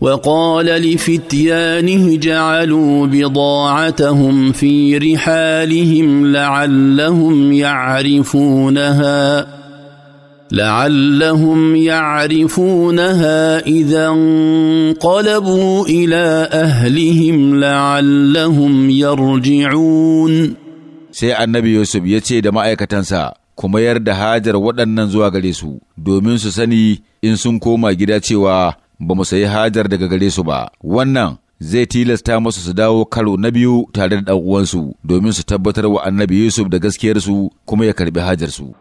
وقال لفتيانه جعلوا بضاعتهم في رحالهم لعلهم يعرفونها لعلهم يعرفونها اذا انقلبوا الى اهلهم لعلهم يرجعون sai annabi yusuf ya ce da ma'aikatansa ku mayar da hajar waɗannan zuwa gare su domin su sani in sun koma gida cewa ba mu sayi hajar daga gare su ba wannan zai tilasta masu su dawo karo na biyu tare da uwansu domin su tabbatar wa annabi Yusuf da gaskiyarsu kuma ya karbi hajarsu.